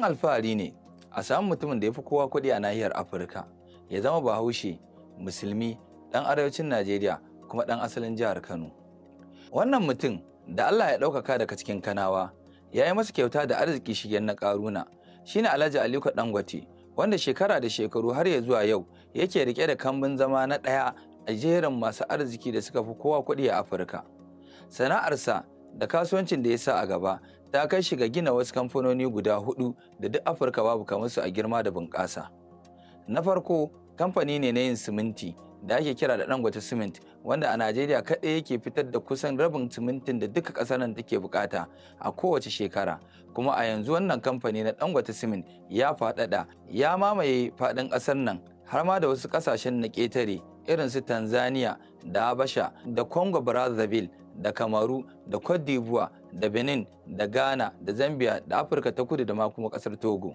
abin alfahari ne a samu mutumin da ya fi kowa kuɗi a nahiyar afirka ya zama bahaushe musulmi ɗan arewacin najeriya kuma ɗan asalin jihar kano wannan mutum da allah ya ɗaukaka daga cikin kanawa ya yi masa kyauta da arziki shigen na ƙaruna shine alhaji aliko dangote wanda shekara da shekaru har ya zuwa yau yake rike da kambun zama na ɗaya a jerin masu arziki da suka fi kowa kuɗi a afirka sana'arsa da kasuwancin da ya sa a gaba ta kai shiga gina wasu kamfanoni guda hudu da duk afirka babu kamar su a girma da bunƙasa na farko kamfani ne na yin siminti da ake kira da dangote siminti wanda a najeriya kaɗai yake fitar da kusan rabin simintin da duka ƙasar nan take bukata a kowace shekara kuma a yanzu wannan kamfani na dangote simint ya faɗaɗa ya mamaye faɗin ƙasar nan har ma da wasu ƙasashen na ƙetare irin su tanzania da habasha da congo brazzaville da kamaru da cote d'ivoire da benin da ghana da zambia da afirka ta kudu da ma kuma kasar togo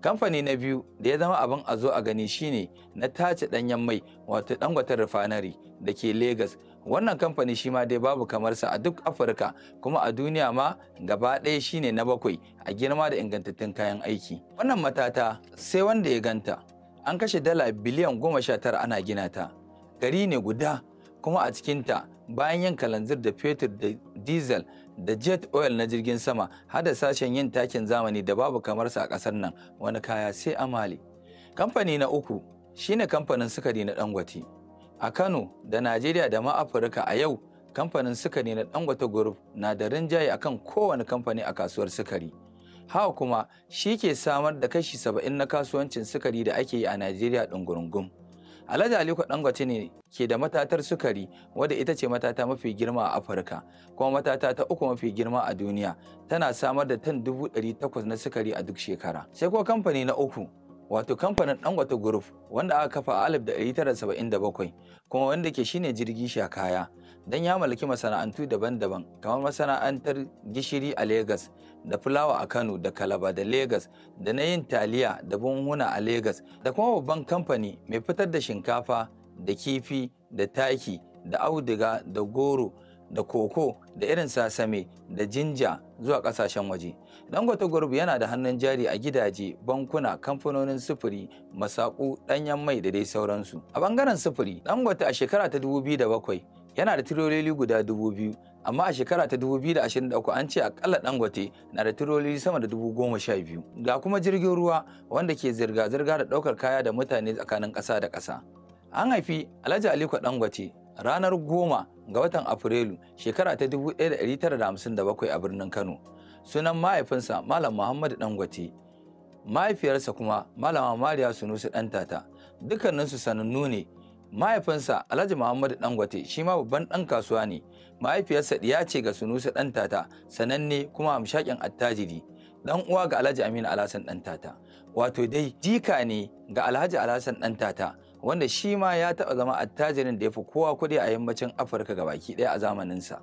kamfani na biyu da ya zama abin a zo a gani shine na tace danyen mai wato dangwatar refinery da ke lagos wannan kamfani shi ma dai babu kamarsa a duk afirka kuma a duniya ma gaba ɗaya shine na bakwai a girma da ingantattun kayan aiki wannan matata sai wanda ya ganta an kashe dala biliyan goma sha tara ana gina ta gari ne guda kuma a cikinta bayan yin kalanzir da fetur da diesel da jet oil na jirgin sama hada sashen yin takin zamani da babu kamar kamarsa a kasar nan wani kaya sai a mali. Kamfani na uku shine kamfanin sukari na Dangote. A Kano da Najeriya da ma Afirka a yau kamfanin sukari na Dangote Group na da rinjaye akan kowane kamfani a kasuwar sukari. Hawa kuma shi ke samar da kashi saba'in na kasuwancin sukari da ake yi a Najeriya ɗungurungum. Alhaji Aliko Dangote ne ke da matatar sukari wadda ita ce matata mafi girma a Afirka kuma matata ta uku mafi girma a duniya tana samar da tan dubu ɗari takwas na sukari a duk shekara. Sai kuma kamfani na uku wato kamfanin Dangote Group wanda aka kafa a 1977 kuma wanda ke shine jirgi sha kaya. don ya mallaki masana'antu daban-daban kamar masana'antar gishiri a Legas da fulawa a Kano da Kalaba da Legas da na yin taliya da bunhuna a Legas da kuma babban kamfani mai fitar da shinkafa da kifi da taki da auduga da goro da koko da irin sasame da jinja zuwa kasashen waje. Dangote Group yana da hannun jari a gidaje, bankuna, kamfanonin sufuri, masaku, danyen mai da dai sauransu. A bangaren sufuri, Dangote a shekara ta 2007 yana da tiroli guda dubu biyu amma a shekara ta 2023 an ce akalla dangote na da tiroli sama da dubu goma sha biyu ga kuma jirgin ruwa wanda ke zirga-zirga da ɗaukar kaya da mutane tsakanin ƙasa da ƙasa an haifi alhaji aliko dangote ranar goma ga watan afrilu shekara ta 1957 a birnin kano sunan mahaifinsa malam muhammadu dangote mahaifiyarsa kuma malama mariya sunusu ɗantata dukkaninsu sanannu ne mahaifinsa alhaji muhammadu dangote shi ma babban dan kasuwa ne mahaifiyarsa ɗiya ce ga sunusa dan tata sananne kuma hamshakin attajiri dan uwa ga alhaji aminu alhassan dan tata wato dai jika ne ga alhaji alhassan dan tata wanda shi ma ya taɓa zama attajirin da ya fi kowa kuɗi a yammacin afirka ga baki ɗaya a zamaninsa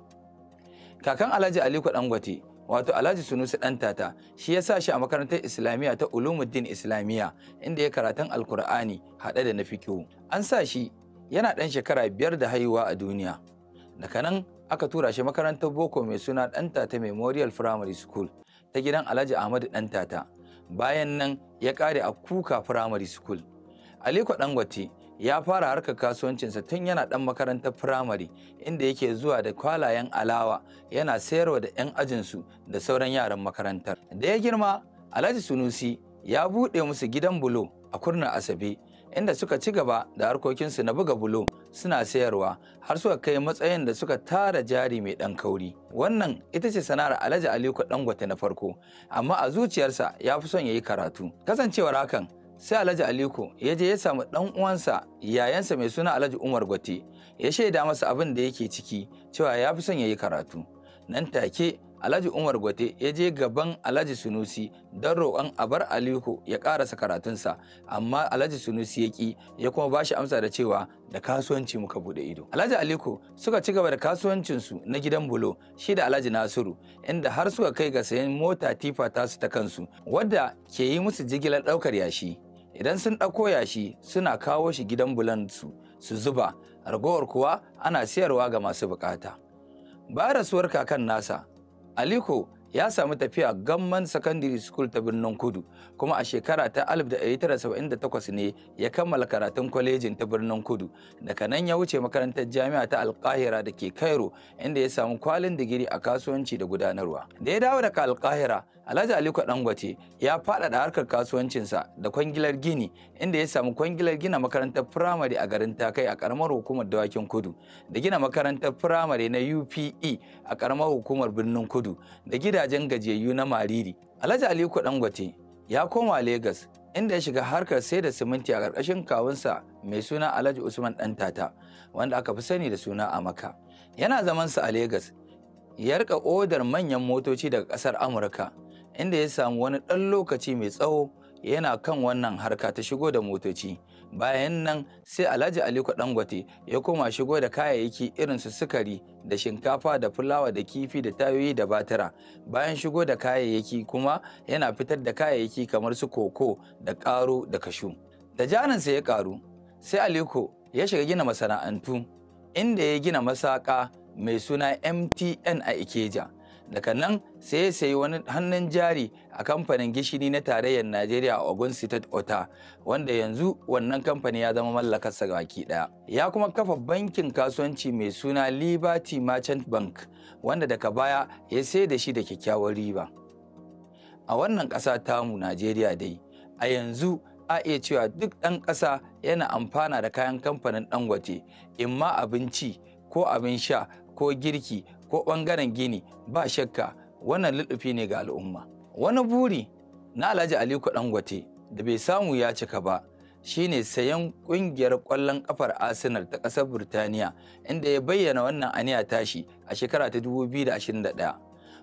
kakan alhaji aliko dangote wato Alhaji Sunusi ɗan tata shi ya sa shi a makarantar Islamiyya ta Ulumuddin Islamiyya inda ya karatun Alkur'ani haɗe da na fikihu. An sa shi yana ɗan shekara biyar da haihuwa a duniya. Daga nan aka tura shi makarantar boko mai suna dan tata Memorial Primary School ta gidan Alhaji Ahmadu dan tata. Bayan nan ya kare a Kuka Primary School. Aliko Dangote ya fara harkar kasuwancinsa tun yana ɗan makarantar firamare inda yake zuwa da kwalayen alawa yana sayarwa da 'yan ajinsu da sauran yaran makarantar da ya girma alhaji sunusi ya buɗe musu gidan bulo a kurna asabe inda suka ci gaba da harkokinsu na buga bulo suna sayarwa har suka kai matsayin da suka tara jari mai ɗan kauri wannan ita ce sana'ar alhaji aliko dangote na farko amma a zuciyarsa ya fi son ya yi karatu kasancewar hakan sai Alhaji Aliko ya je ya samu ɗan uwansa yayansa mai suna Alhaji Umar Gwate ya shaida masa abin da yake ciki cewa ya fi son ya yi karatu. Nan take Alhaji Umar Gwate ya je gaban Alhaji Sunusi don roƙon a bar Aliko ya ƙarasa karatunsa, amma Alhaji Sunusi ya ƙi ya kuma ba shi amsa da cewa da kasuwanci muka buɗe ido. Alhaji Aliko suka ci gaba da kasuwancinsu na gidan bulo shi da Alhaji Nasiru inda har suka kai ga sayan mota tifa tasu ta kansu wadda ke yi musu jigilar ɗaukar yashi. idan sun ɗauko yashi suna kawo shi gidan bulansu su zuba ragowar kuwa ana siyarwa ga masu bukata ba rasuwar kakan nasa aliko ya samu tafiya gamman secondary school ta birnin kudu kuma a shekara ta 1978 ne ya kammala karatun kwalejin ta birnin kudu daga nan ya wuce makarantar jami'a ta alkahira da ke cairo inda ya samu kwalin digiri a kasuwanci da gudanarwa da ya dawo daga alkahira Alhaji Aliko Dangote ya faɗaɗa harkar kasuwancinsa da kwangilar gini inda ya samu kwangilar gina makarantar firamare a garin Takai a karamar hukumar Dawakin Kudu da gina makarantar firamare na UPE a karamar hukumar Birnin Kudu da gidajen gajiyayyu na Mariri. Alhaji Aliko Dangote ya koma Legas inda ya shiga harkar sai da siminti a ƙarƙashin kawunsa mai suna Alhaji Usman Ɗantata wanda aka fi sani da suna Amaka. Yana zamansa a Legas ya rika odar manyan motoci daga ƙasar Amurka inda ya samu wani ɗan lokaci mai tsawo yana kan wannan harka ta shigo da motoci bayan nan sai alhaji aliko dangote ya koma shigo da kayayyaki irin su sukari da shinkafa da fulawa da kifi da tayoyi da batira bayan shigo da kayayyaki kuma yana fitar da kayayyaki kamar su koko da karo da kashu da janinsa ya karu sai aliko ya shiga gina masana'antu inda ya gina masaka mai suna mtn a ikeja daga nan sai ya sayi wani hannun jari a kamfanin gishiri na tarayyar najeriya a ogun state ota wanda yanzu wannan kamfani ya zama mallakarsa baki daya ya kuma kafa bankin kasuwanci mai suna liberty merchant bank wanda daga baya ya sai da shi da kyakkyawar riba a wannan ƙasa tamu najeriya dai a yanzu a iya cewa duk ɗan ƙasa yana amfana da kayan kamfanin dangote imma abinci ko abin sha ko girki ko ɓangaren gini ba shakka wannan lulufi ne ga al'umma wani buri na alhaji aliko dangote da bai samu ya cika ba shine sayan ƙungiyar ƙwallon ƙafar arsenal ta kasar burtaniya inda ya bayyana wannan aniya tashi a shekara ta 2021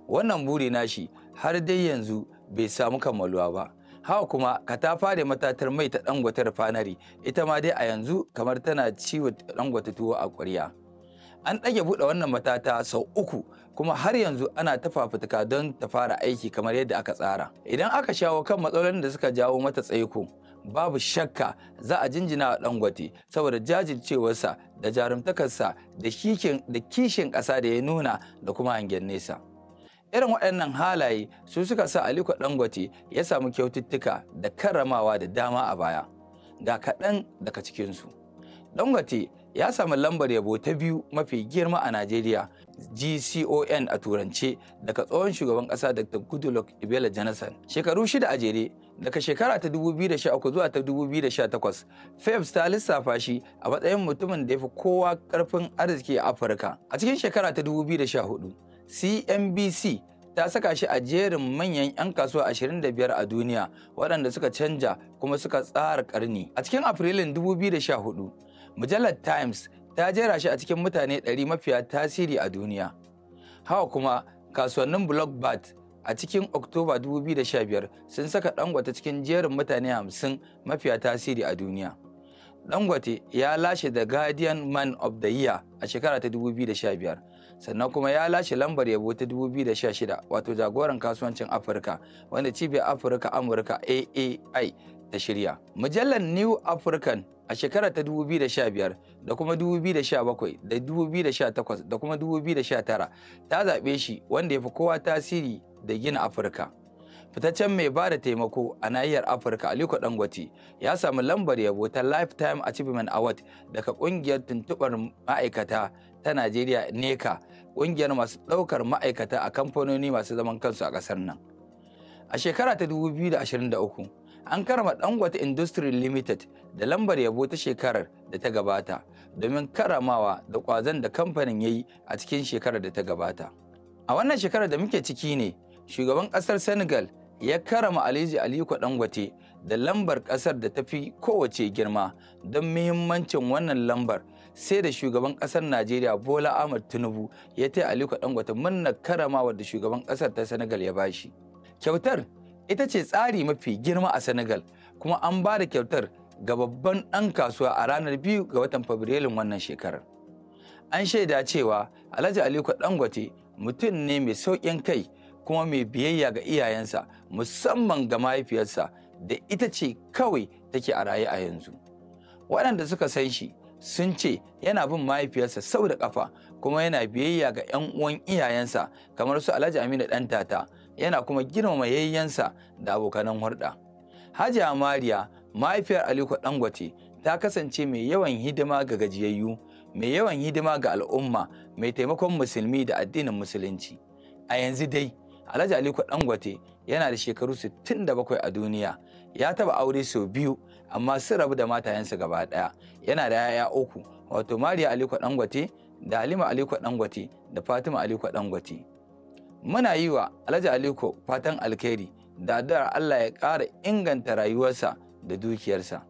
wannan buri nashi har dai yanzu bai samu kammaluwa ba hawa kuma katafare matatar mai ta dangwatar fanari ita ma dai a yanzu kamar tana ciwo dangote tuwo a ƙwarya an ɗage buɗe wannan matata sau uku kuma har yanzu ana ta fafutuka don ta fara aiki kamar yadda aka tsara idan aka shawo kan matsalolin da suka jawo mata tsaiko babu shakka za a jinjina wa dangote saboda jajircewarsa da jarumtakarsa da kishin ƙasa da ya nuna da kuma hangen nesa irin waɗannan halaye su suka sa aliko dangote ya samu kyaututtuka da karramawa da dama a baya ga kaɗan daga cikinsu dangote ya samu lambar yabo ta biyu mafi girma a Najeriya GCON a turance daga tsohon shugaban ƙasa Dr. Goodluck Ibela Jonathan. Shekaru shida a jere daga shekara ta 2013 zuwa ta 2018 Fabs ta lissafa shi a matsayin mutumin da ya fi kowa ƙarfin arziki a Afirka. A cikin shekara ta 2014 CNBC ta saka shi a jerin manyan 'yan kasuwa 25 a duniya waɗanda suka canja kuma suka tsara ƙarni. A cikin Afrilun 2014 Mujallar Times ta jera shi a cikin mutane 100 mafiya tasiri a duniya. Hawa kuma kasuwannin Blockbat a cikin Oktoba 2015 sun saka Dangote cikin jerin mutane 50 mafiya tasiri a duniya. Dangote ya lashe The Guardian Man of the Year a shekara ta 2015, sannan kuma ya lashe lambar yabo ta 2016 wato jagoran kasuwancin Afirka wanda cibiyar Afirka Amurka AAI ta shirya. Mujallar New African a shekara ta 2015 da kuma 2017 da 2018 da kuma 2019 ta zaɓe shi wanda ya fi kowa tasiri da gina Afirka. Fitaccen mai ba da taimako a nahiyar Afirka Aliko Dangote ya samu lambar yabo ta Lifetime Achievement Award daga ƙungiyar tuntuɓar ma'aikata ta Najeriya NECA, ƙungiyar masu ɗaukar ma'aikata a kamfanoni masu zaman kansu a ƙasar nan. A shekara ta 2023 an karama Dangote Industry Limited da lambar yabo ta shekarar da ta gabata domin karamawa da kwazon da kamfanin ya yi a cikin shekarar da ta gabata. A wannan shekarar da muke ciki ne, shugaban ƙasar Senegal ya karama Alhaji Aliko Dangote da lambar ƙasar da ta fi kowace girma don muhimmancin wannan lambar sai da shugaban ƙasar Najeriya Bola Ahmad Tinubu ya taya Aliko Dangote murnar karamawa da shugaban ƙasar ta Senegal ya bashi. Kyautar ita ce tsari mafi girma a Senegal kuma an ba da kyautar ga babban ɗan kasuwa a ranar biyu ga watan Fabrilun wannan shekarar. An shaida cewa Alhaji Aliko Dangote mutum ne mai sauƙin kai kuma mai biyayya ga iyayensa musamman ga mahaifiyarsa da ita ce kawai take a raye a yanzu. Waɗanda suka san shi sun ce yana bin mahaifiyarsa sau da ƙafa kuma yana biyayya ga 'yan uwan iyayensa kamar su Alhaji Aminu Ɗantata yana kuma girmama yayyansa da abokanan hulɗa. Hajiya Mariya mahaifiyar Aliko Dangote ta kasance mai yawan hidima ga gajiyayyu, mai yawan hidima ga al'umma, mai taimakon musulmi da addinin musulunci. A yanzu dai, Alhaji Aliko Dangote yana da shekaru 67 a duniya, ya taba aure sau biyu amma sun rabu da matayensa gaba ɗaya. Yana da 'ya'ya uku, wato Mariya Aliko Dangote da Halima Aliko Dangote da Fatima Aliko Dangote. muna yi wa alhaji aliko fatan alkhairi da addu'ar allah ya ƙara inganta rayuwarsa da dukiyarsa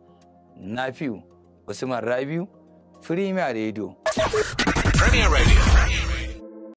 nafiu usman rabiu premier radio radio